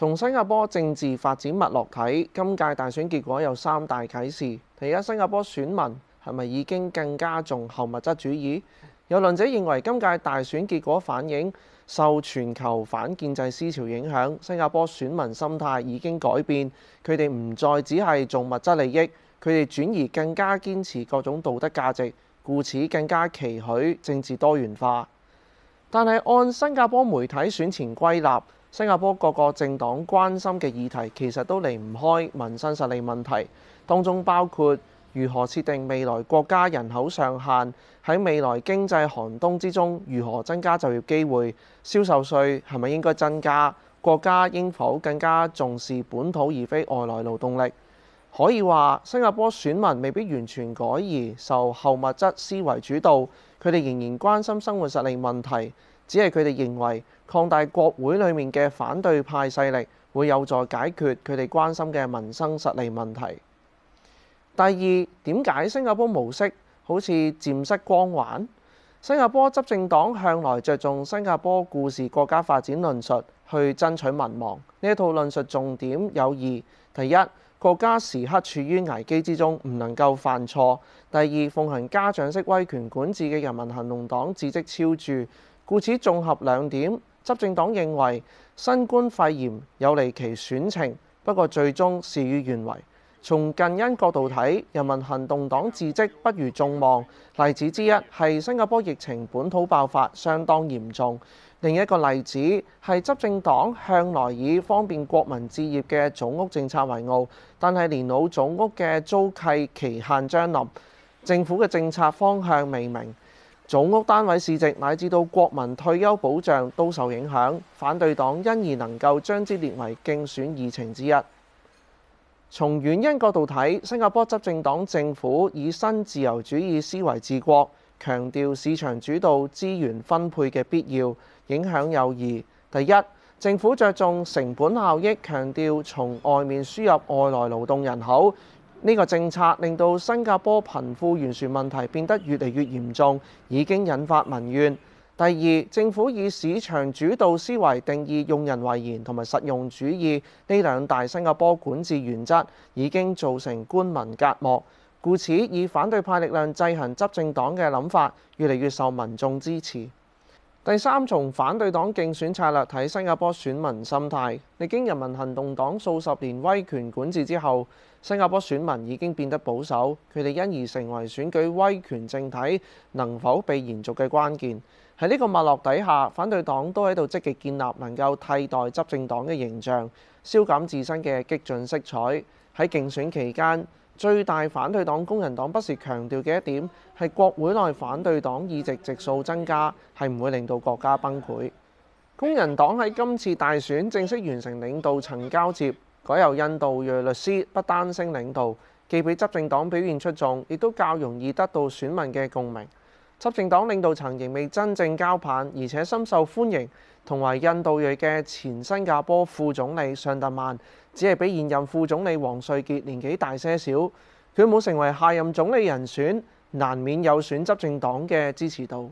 從新加坡政治發展脈絡睇，今屆大選結果有三大啟示。第一，新加坡選民係咪已經更加重後物質主義？有論者認為今屆大選結果反映受全球反建制思潮影響，新加坡選民心態已經改變，佢哋唔再只係重物質利益，佢哋轉而更加堅持各種道德價值，故此更加期許政治多元化。但係按新加坡媒體選前歸納。新加坡各個政黨關心嘅議題，其實都離唔開民生實力問題，當中包括如何設定未來國家人口上限，喺未來經濟寒冬之中如何增加就業機會，銷售稅係咪應該增加，國家應否更加重視本土而非外來勞動力？可以話新加坡選民未必完全改而受後物質思維主導，佢哋仍然關心生活實力問題。只係佢哋認為擴大國會裡面嘅反對派勢力會有助解決佢哋關心嘅民生實利問題。第二，點解新加坡模式好似漸失光環？新加坡執政黨向來著重新加坡故事國家發展論述去爭取民望。呢一套論述重點有二：第一，國家時刻處於危機之中，唔能夠犯錯；第二，奉行家長式威權管治嘅人民行動黨字跡，治績超著。故此綜合兩點，執政黨認為新冠肺炎有利其選情，不過最終事與願違。從近因角度睇，人民行動黨治績不如眾望。例子之一係新加坡疫情本土爆發相當嚴重，另一個例子係執政黨向來以方便國民置業嘅組屋政策為傲，但係年老組屋嘅租契期限將臨，政府嘅政策方向未明。組屋單位市值乃至到國民退休保障都受影響，反對黨因而能夠將之列為競選議程之一。從原因角度睇，新加坡執政黨政府以新自由主義思維治國，強調市場主導資源分配嘅必要，影響有二。第一，政府着重成本效益，強調從外面輸入外來勞動人口。呢個政策令到新加坡貧富懸殊問題變得越嚟越嚴重，已經引發民怨。第二，政府以市場主導思維定義用人唯賢同埋實用主義呢兩大新加坡管治原則，已經造成官民隔膜，故此以反對派力量制衡執政黨嘅諗法，越嚟越受民眾支持。第三，從反對黨競選策略睇新加坡選民心態。歷經人民行動黨數十年威權管治之後，新加坡選民已經變得保守，佢哋因而成為選舉威權政體能否被延續嘅關鍵。喺呢個脈絡底下，反對黨都喺度積極建立能夠替代執政黨嘅形象，消減自身嘅激進色彩。喺競選期間，最大反對黨工人黨不時強調嘅一點係國會內反對黨議席席數增加係唔會令到國家崩潰。工人黨喺今次大選正式完成領導層交接，改由印度裔律師畢丹星領導，既比執政黨表現出眾，亦都較容易得到選民嘅共鳴。執政黨領導層仍未真正交棒，而且深受歡迎。同為印度裔嘅前新加坡副總理尚特曼，只係比現任副總理王瑞杰年紀大些少，佢冇成為下任總理人選，難免有選執政黨嘅支持度。